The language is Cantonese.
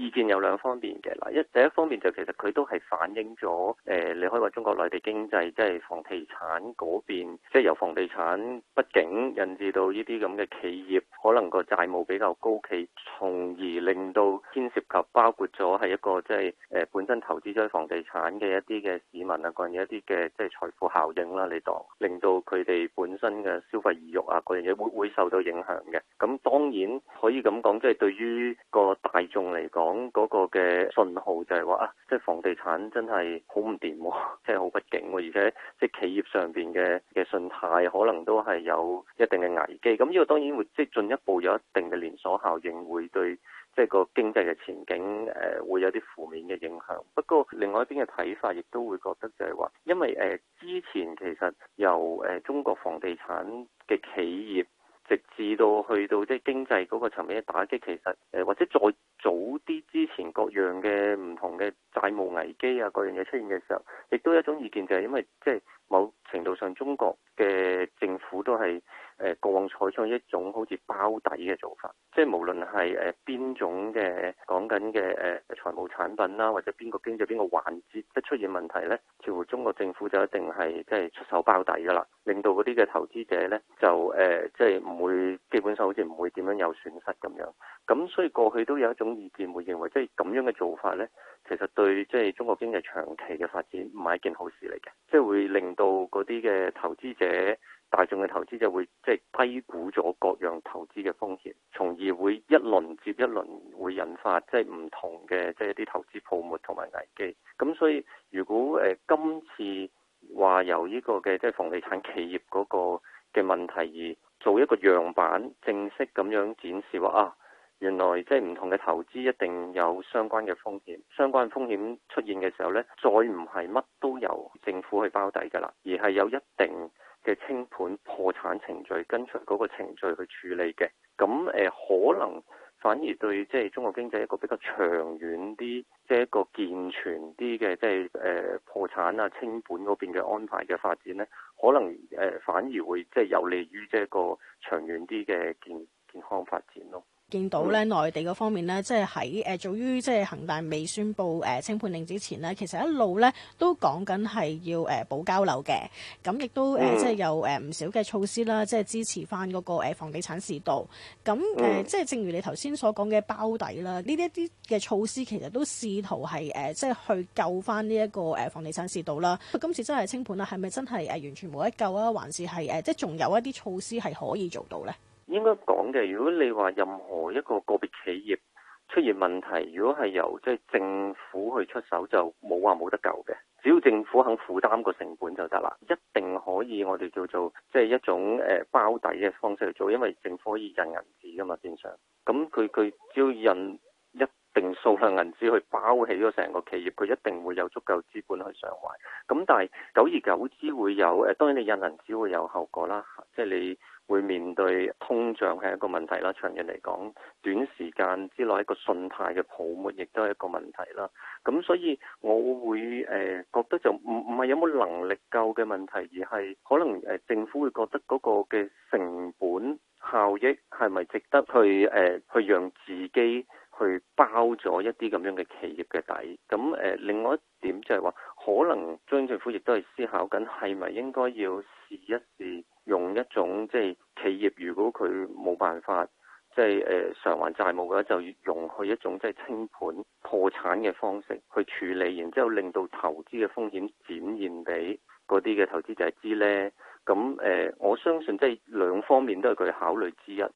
意見有兩方面嘅啦，第一第一方面就其實佢都係反映咗，誒、呃、你可以話中國內地經濟即係、就是、房地產嗰邊，即、就、係、是、由房地產不景引致到呢啲咁嘅企業可能個債務比較高企，從而令到牽涉及包括咗係一個即係誒本身投資咗房地產嘅一啲嘅市民啊，嗰樣嘢一啲嘅即係財富效應啦、啊，你當令到佢哋本身嘅消費意欲啊，嗰樣嘢會會受到影響嘅。咁當然可以咁講，即、就、係、是、對於個大眾嚟講。講嗰個嘅信號就係話啊，即、就、係、是、房地產真係好唔掂，即係好不，啊就是、不景、啊，而且即係、就是、企業上邊嘅嘅信貸可能都係有一定嘅危機。咁呢個當然會即係、就是、進一步有一定嘅連鎖效應，會對即係、就是、個經濟嘅前景誒、呃，會有啲負面嘅影響。不過另外一邊嘅睇法，亦都會覺得就係話，因為誒、呃、之前其實由誒、呃、中國房地產嘅企業。至到去到即係經濟嗰個層面嘅打擊，其實誒、呃、或者再早啲之前各樣嘅唔同嘅債務危機啊，各樣嘢出現嘅時候，亦都有一種意見，就係因為即係某。程度上，中國嘅政府都係誒、呃、過往採取一種好似包底嘅做法，即係無論係誒邊種嘅講緊嘅誒財務產品啦，或者邊個經濟邊個環節一出現問題呢，似乎中國政府就一定係即係出手包底噶啦，令到嗰啲嘅投資者呢，就誒、呃、即係唔會。基本上好似唔會點樣有損失咁樣，咁所以過去都有一種意見會認為，即係咁樣嘅做法咧，其實對即係中國經濟長期嘅發展唔係一件好事嚟嘅，即係會令到嗰啲嘅投資者、大眾嘅投資者會即係低估咗各樣投資嘅風險，從而會一輪接一輪會引發即係唔同嘅即係一啲投資泡沫同埋危機。咁所以如果誒、呃，今次話由呢個嘅即係房地產企業嗰個嘅問題而做一個樣板，正式咁樣展示話啊，原來即係唔同嘅投資一定有相關嘅風險，相關風險出現嘅時候呢，再唔係乜都由政府去包底㗎啦，而係有一定嘅清盤破產程序，跟隨嗰個程序去處理嘅。咁誒、呃，可能。反而對即係中國經濟一個比較長遠啲，即係一個健全啲嘅，即係誒破產啊清盤嗰邊嘅安排嘅發展呢，可能誒反而會即係有利於即係一個長遠啲嘅健健康發展咯。見到咧，內地嗰方面咧，即係喺誒早於即係恒大未宣佈誒、呃、清盤令之前呢，其實一路咧都講緊係要誒、呃、保交樓嘅，咁亦都誒、呃、即係有誒唔、呃、少嘅措施啦，即係支持翻嗰個房地產市道。咁誒、呃、即係正如你頭先所講嘅包底啦，呢一啲嘅措施其實都試圖係誒、呃、即係去救翻呢一個誒房地產市道啦。今次真係清盤啦，係咪真係誒完全冇得救啊？還是係誒即係仲有一啲措施係可以做到咧？應該講嘅，如果你話任何一個個別企業出現問題，如果係由即係、就是、政府去出手，就冇話冇得救嘅。只要政府肯負擔個成本就得啦，一定可以我哋叫做即係、就是、一種誒包底嘅方式去做，因為政府可以印銀紙噶嘛，正常。咁佢佢只要印定數量銀紙去包起咗成個企業，佢一定會有足夠資本去償還。咁但係久而久之會有誒，當然你印銀紙會有後果啦，即係你會面對通脹係一個問題啦。長遠嚟講，短時間之內一個信貸嘅泡沫亦都係一個問題啦。咁所以我會誒覺得就唔唔係有冇能力夠嘅問題，而係可能誒政府會覺得嗰個嘅成本效益係咪值得去誒去讓自己包咗一啲咁樣嘅企業嘅底，咁誒、呃、另外一點就係話可能中央政府亦都係思考緊，係咪應該要試一試用一種即係企業如果佢冇辦法即係誒償還債務嘅話，就容許一種即係清盤破產嘅方式去處理，然之後令到投資嘅風險展現俾嗰啲嘅投資者知咧。咁誒、呃、我相信即係兩方面都係佢考慮之一。